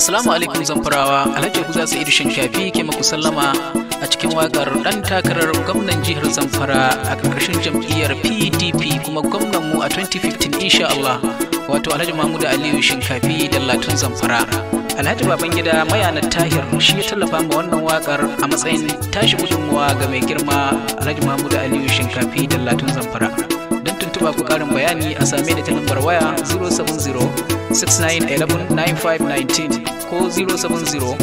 Assalamu alaikum zamfarawa Alhaji Kuza Sa'idu Shafi ke maku sallama a cikin wakar dan takarar gwamnan jihar Zamfara a ƙarƙashin jam'iyyar PDP kuma gwamnan mu a 2015 insha Allah wato Alhaji Mahmudu Aliyu Shinkafi Dallatun Zamfara. Alhaji Babangida Mayana Tahir shi ya tallafa ma wannan wakar a matsayin tashi gudunmuwa ga mai girma Alhaji Mahmudu Aliyu Shinkafi Dallatun Zamfara. zuwa ku karin bayani a same da ta lambar waya 070-6911-9519 ko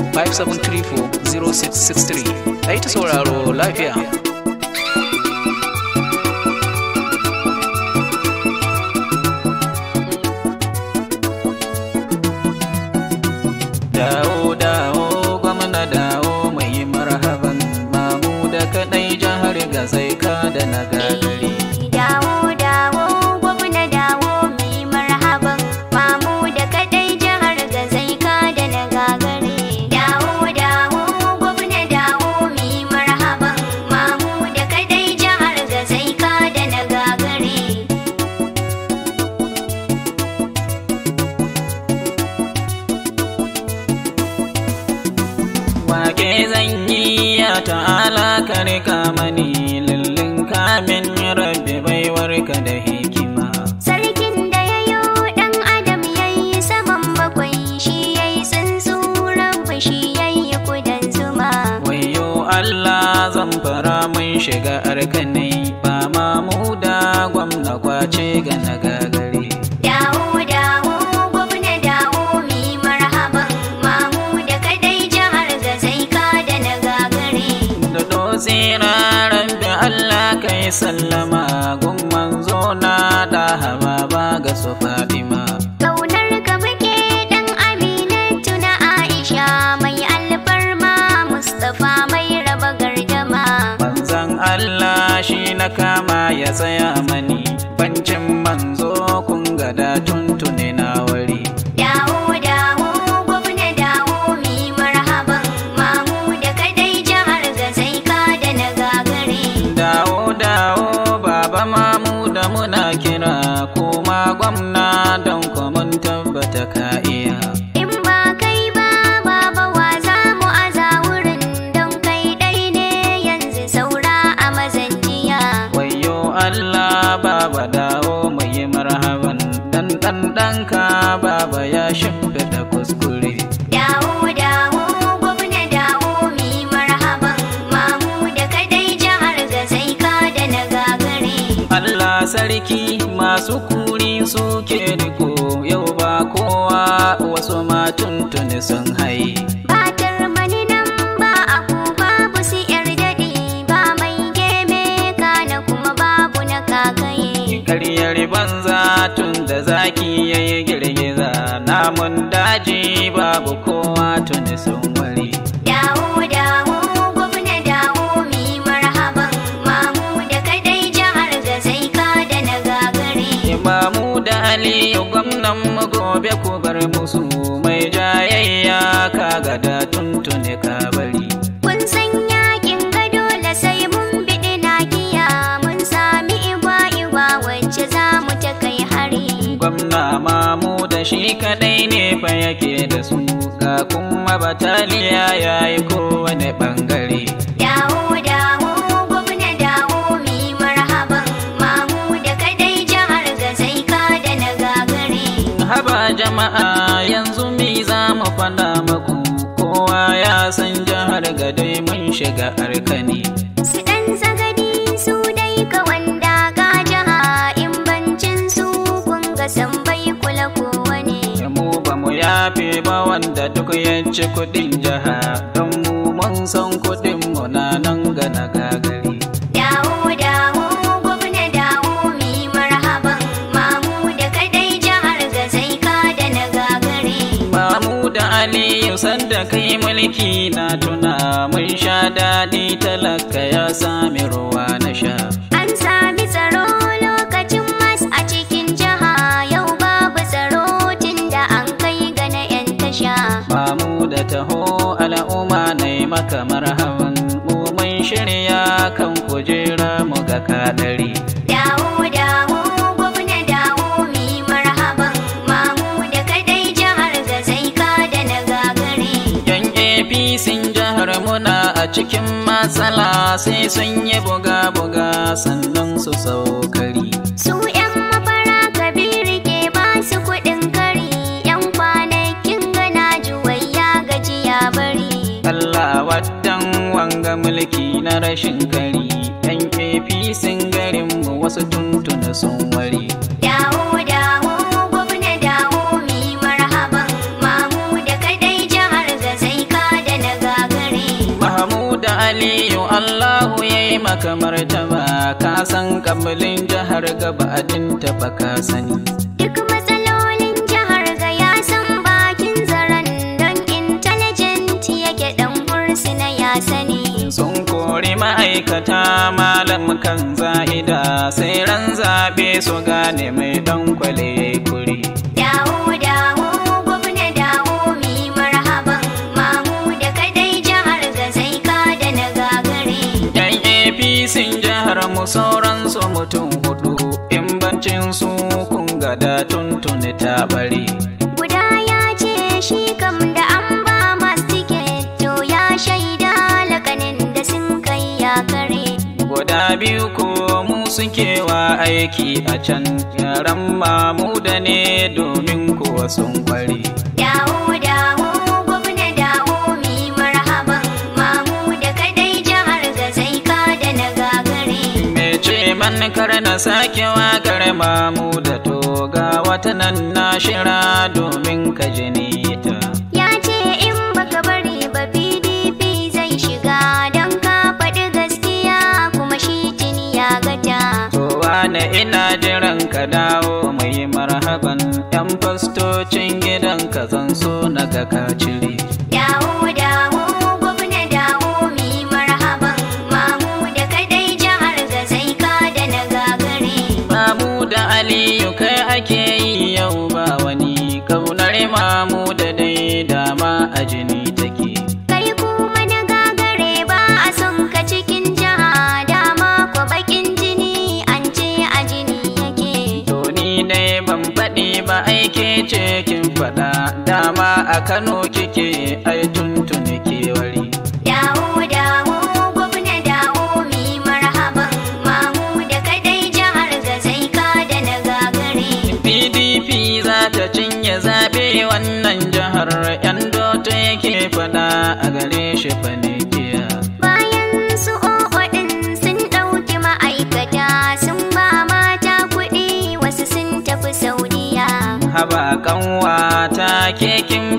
070-5734-0663 a yi ta sauraro lafiya min ya rabbi baiwarka da hikima sarkin da ya yo dan adam ya yi saman bakwai shi ya yi tsuntsuran shi ya yi kudan zuma wayo allah zan fara mun shiga arkanai ba ma mu da gwamna kwace ga nagari tsaya mani sarki masu kuri suke riko yau ba kowa wasu matun tuni sun hai. Batar mani nan ba a kuma babu su yar daɗi ba mai geme kana kuma babu na kakaye. Karyar banza tun da zaki yayi girgiza namun daji babu kowa tuni. shi kadai ne fa yake da su ga kuma bataliya ya yi kowane bangare dawo dawo gwamna dawo mi mamu da kadai jihar gazai da na gagare haba jama'a yanzu mi za mu fada maku kowa ya san jihar gadai mun shiga arkani su dan zagadi su dai ka wanda ga jiha in bancin su kun ga san bai kula ko ba wanda duk ci kuɗin jiha don mu mun san kuɗin mu na nan ga na gagari. Dawo dawo gwamna dawo mi marhaban mamu da kadai jihar ga zai ka da na gagari. Mamu da Aliyu sanda kai mulki na tuna mun sha daɗi talaka ya sami ruwa maka marhaban mu mun shirya kan kujera mu ga kadari dawo dawo gwamna dawo mi marhaban mamu da kadai jihar ga zai ka da na gagare yan sun jihar muna a cikin matsala sai sun yi buga buga sannan su saukari su ga watan wanga mulki na rashin kari yan kefi sun garin mu wasu tuntuna sun ware dawo dawo gwamna dawo mi marhaban mahmuda kadai jihar ga zai da na mahmuda aliyu allahu yayi maka martaba ka san kabilin jihar gaba adin ta ka sani sani sun kori ma'aikata malam kan za'ida sai ran zaɓe su gane mai ɗan kwale kuri dawo dawo gwamna dawo mi marhaban mamu da kadai jihar ga zai da na gagare yan apc jihar mu mutum hudu in bancin su kun gada tuntuni ta bari Allah biyu ko mu suke wa aiki a can yaran mamu da ne domin kuwa sun kware. Dawo dawo gwamna dawo mi marhaban mamu da kadai jihar gazai da na gagare. Mece man kar na sake wakar mamu da toga wata nan na shira domin ka jini. ina jiran ka dawo mai marhaban yan fastocin gidan ka zan so na ga a Kano kike ai tuntuni ke wari. Dawo dawo gwamna dawo mi marhaban mamu da kadai jihar gazai ka da na gagare. PDP za ta cinye zaɓe wannan jihar 'yan dote yake faɗa a gare shi fane.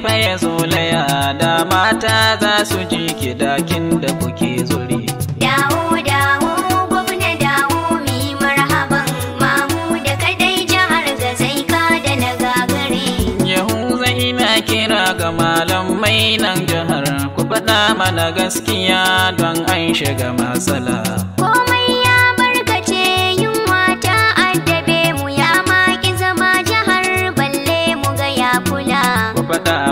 faye zolaya da mata za su ji kidakin da kuke zuri. Dawo dawo gwamna dawo mi marhaban mamu da kadai jihar gazai da na gagare. Yahuza ina kira ga malamai nan jihar ku faɗa mana gaskiya don an shiga matsala.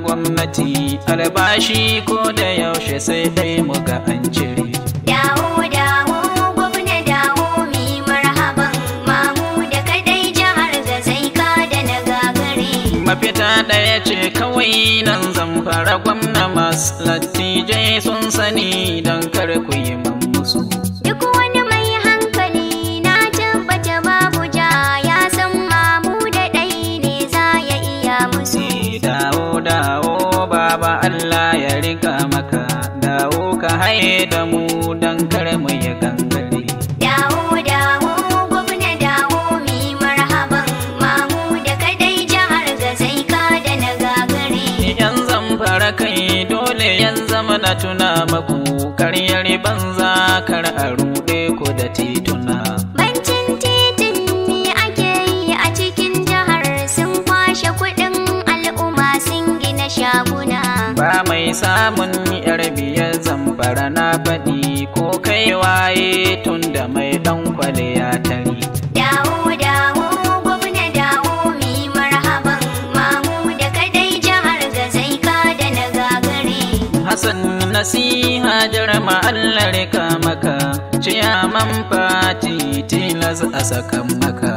gwamnati albashi ko da yaushe sai dai mu ga an cire. Dawo dawo gwamna dawo kadai jihar da na Mafita ɗaya ce kawai nan fara gwamna masu lattijai sun sani don kar ku yi musu. Duk wani ya rika maka dawo ka haye da mu don kar mu ya gangare dawo dawo gwamna dawo mi marhaban mamu da kadai jihar gazai ka da na gagare yan zamfara kai dole yan zama na tuna maku karyar banza samun yar biyar zamfara na baɗi ko kaiwaye waye tun da mai ɗan kwale ya tari. Dawo dawo gwamna dawo mi marhaban mamu da kadai jihar gazai da na gagare. Hassan nasiha jirma Allah rika maka ciyaman fati tilas a sakan maka.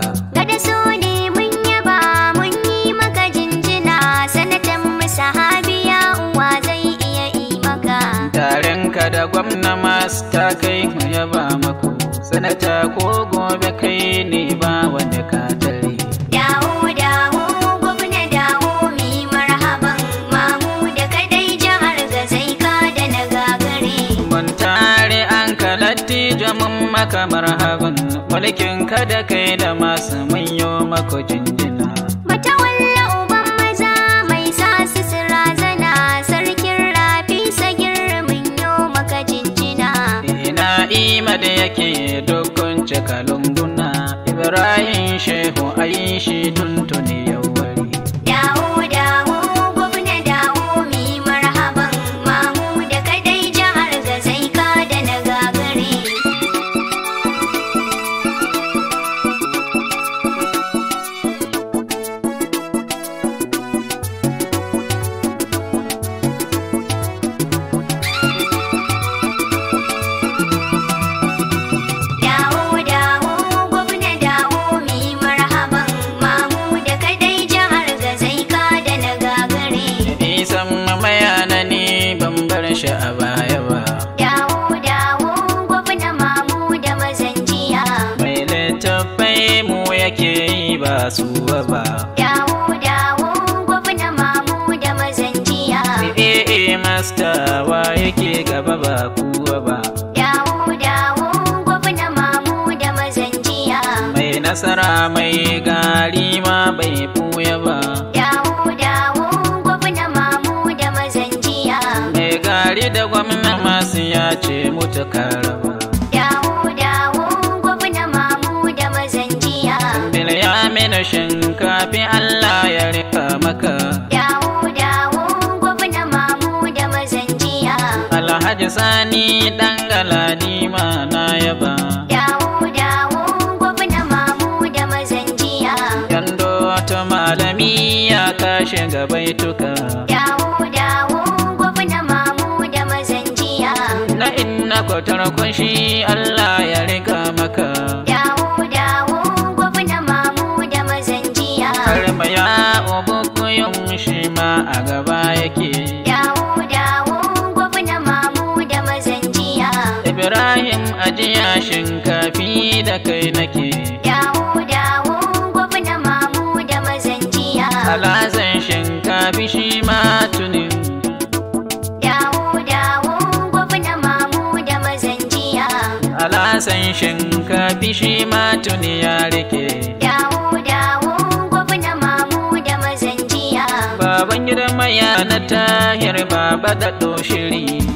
ka da gwamna masu ta kai mu maku sanata ko gobe kai ne ba wanda ka tare dawo dawo gwamna dawo mi marhaban mamu da kadai jihar gazai ka na gagare mun tare an kalatti jamin maka marhaban mulkin ka da kai da masu manyo mako jinjina matawalla Allah da yake dukkan cikalunguna Ibrahim Shehu Aishi tun bai mu yake yi ba su ba dawo dawo gwamna mamu da mazanjiya eh masta wa yake gaba ba kuwa ba dawo dawo gwamna mamu da mazanjiya eh, eh, eh, mai nasara mai gari ma bai buya ba dawo dawo gwamna mamu da mazanjiya mai gari da gwamna masu ya ce mutu karaba rashin kafin Allah ya rika maka. Yawo dawo gwamna mamu da mazanjiya. Alhaji Sani ɗan galadi ma na yaba. Yawo dawo gwamna mamu da mazanjiya. Gando wata malami ya kashe gabaituka. Yawo dawo gwamna mamu da mazanjiya. Na inna kwatar kunshi Allah ya rika maka. yashin kafi da kai nake dawo dawo na mamu da jiya. alazan shinkafi shi ma tunin dawo dawo na mamu da mazanjiya alasan shinkafi shi ma tuni ya rike dawo dawo na mamu da jiya. baban gidan maya na tahir baba da shiri.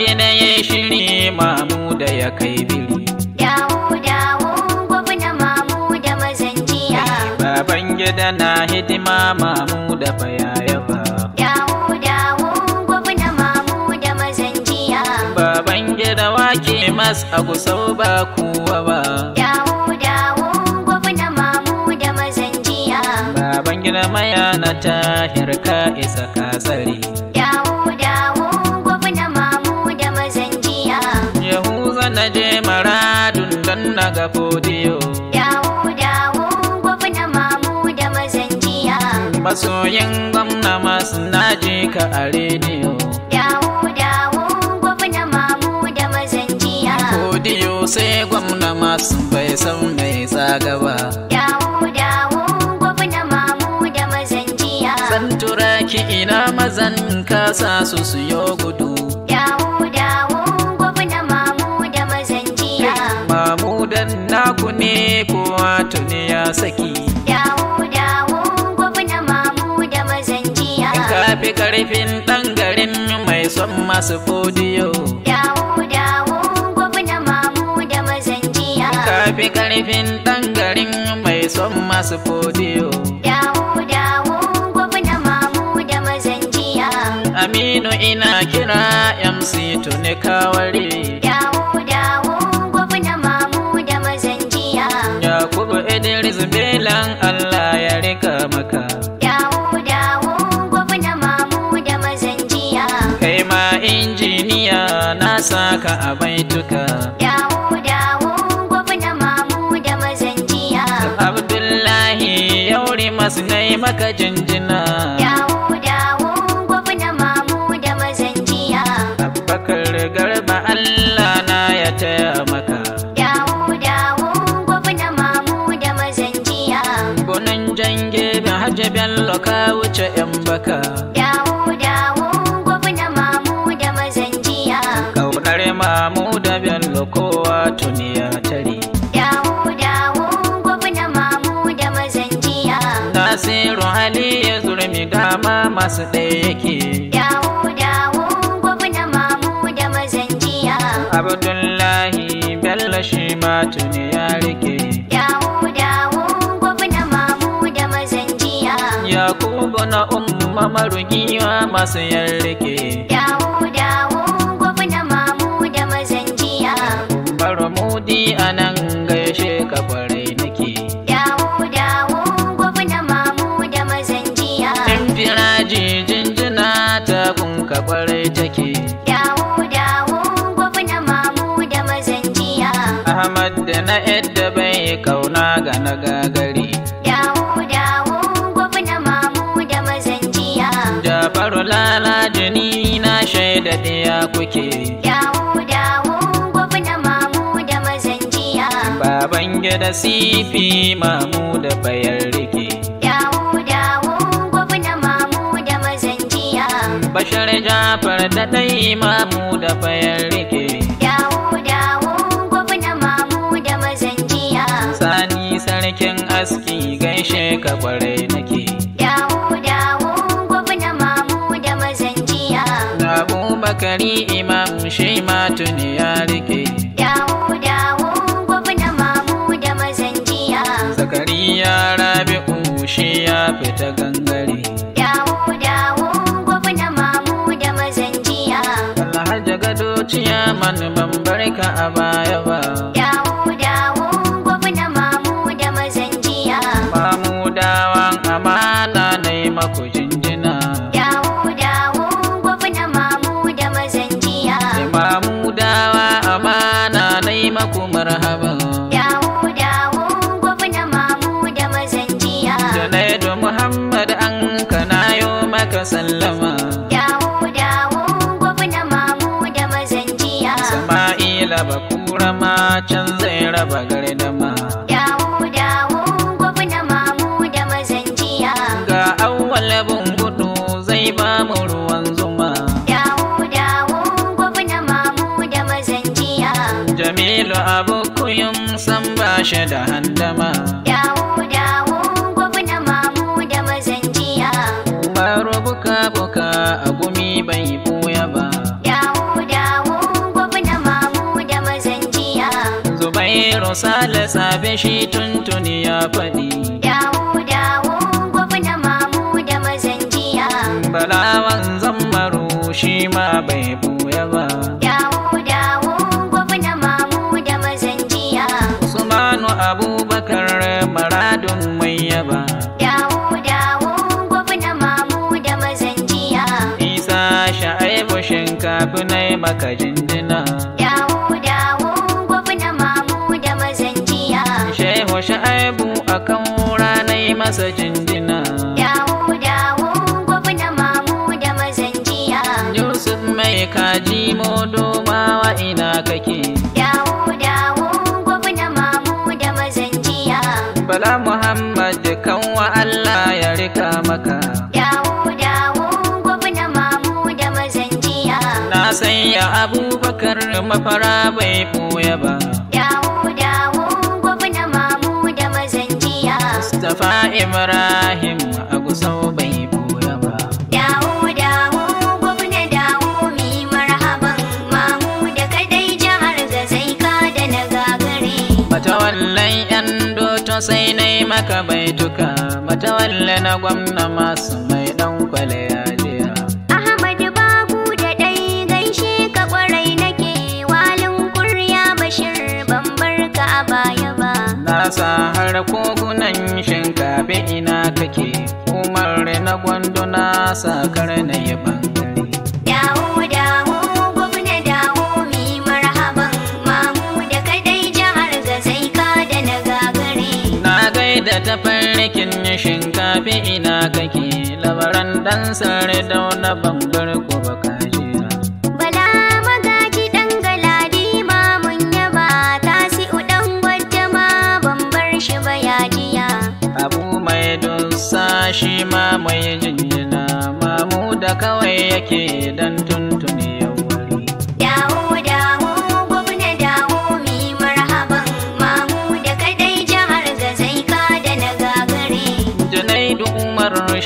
gombe na ya shiri mamu da ya kai biri. Dawo dawo gwamna mamu da mazanjiya. Baban gida na hidima mamu da bayayaba. Dawo dawo gwamna mamu da mazanjiya. Baban gida wake mas a gusau ba kuwa ba. Dawo dawo gwamna mamu da mazanjiya. Baban gida maya na tahir ka isa kasari. ga fodiyo dawo dawo gwamna mamu da mazanjiya masoyin gwamna masu naji ka a rediyo dawo dawo gwamna mamu da mazanjiya godiyo sai gwamna masu bai san mai tsaga ba dawo dawo gwamna mamu da mazanjiya jiya. turaki ina mazan kasa su su yo gudu tuni ya saki dawo dawo gwamna mamu da mazanjiya kafi karfin ɗan garin mai son masu fodiyo dawo dawo gwamna mamu da mazanjiya kafi karfin dan garin mai son masu fodiyo dawo dawo gwamna mamu da mazanjiya aminu ina kira yamsi tuni kawari dawo Idris Belan Allah ya rika maka. Dawo dawo gwamna mamu da mazanjiya. Kai ma injiniya na saka a baituka. Dawo dawo gwamna mamu da mazanjiya. Abdullahi yauri masu nai maka ka wuce 'yan baka. Dawo dawo gwamna mamu da mazanjiya. Kaunar mamu da bello kowa tuni ya tare. Dawo dawo gwamna mamu da mazanjiya. Nasiru hali ya zurmi dama masu ɗaya yake. Dawo dawo gwamna mamu da mazanjiya. Abdullahi bello shi ma tuni ya rike. na umma marugiya masu rike. Dawo dawo gwamna mamu da mazanjiya. Barmudi a nan gaishe ka kwarai nake. Dawo dawo gwamna mamu da mazanjiya. Tun fira jinjina ta kun ka kwarai take. Dawo dawo gwamna mamu da mazanjiya. Ahmad da na yadda bai kauna ga na gagari. Daɗiya kuke. Yawo dawo gwamna mamu da mazanjiya. Baban gida sifi mamu da bayar rike. Yawo dawo gwamna mamu da mazanjiya. Bashar Jafar da ɗai mamu da bayar rike. Yawo dawo gwamna mamu da mazanjiya. Sani sarkin aski gaishe ka kware nake. zakari imam shi ma tuni ya rike dawo dawo gwamna mamu da mazanjiya zakari ya rabi'u shi ya fita gangare dawo dawo gwamna mamu da mazanjiya alhaji gado ciyaman ban barka a baya ba mu ruwan zuma dawo dawo mamu da mazanjiya jamilu da handama dawo baro buka buka a gumi bai buya ba dawo dawo gwabna mamu da mazanjiya zubairu sale sabe shi tuntuni ya faɗi manzan baro shi bai buya ba dawo dawo gwamna mamu da mazanjiya usmanu abubakar maradun mai yaba dawo dawo gwamna mamu da mazanjiya isa sha'ibu shinkafi na maka jinjina dawo dawo gwamna mamu da mazanjiya shehu sha'ibu akan ranar masa jinjina ka kaji modo mawa ina kake dawo dawo gwamna mamu da mazanjiya bala muhammad kan wa allah ya rika maka dawo dawo gwamna mamu da mazanjiya na sanya abubakar mafara bai sai na yi maka baituka matawalle na gwamna masu mai ɗan kwale ya jiya. Ahmad Babu da ɗai gaishe ka ƙwarai nake walin kurya bashir ban barka a baya ba. Na sa har kogunan shinkafi ina kake umar na gwanduna sakar na yaba. kake labaran dan sare wani bangar ko baka jira. Bala magaji dan galadi ma mun yaba ta si udan gwajama ban bar shi ba ya jiya. Abu mai dusa shi ma mai jinjina mamu da kawai yake dan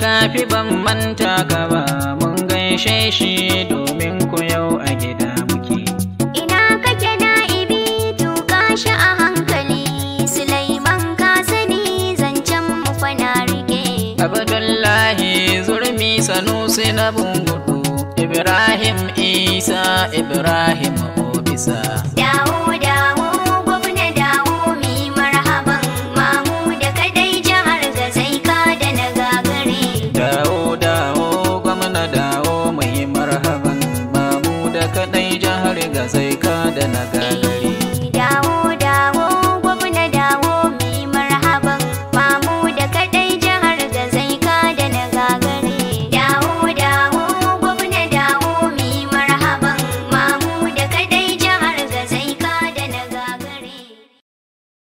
kafi ban manta ka ba mun gaishe shi domin ku yau a gida muke. Ina kake na'ibi tuka shi a hankali Sulaiman ka sani zancen mu fana rike. Abdullahi zurmi sanusi na bungudu Ibrahim Isa Ibrahim Obisa. Dawo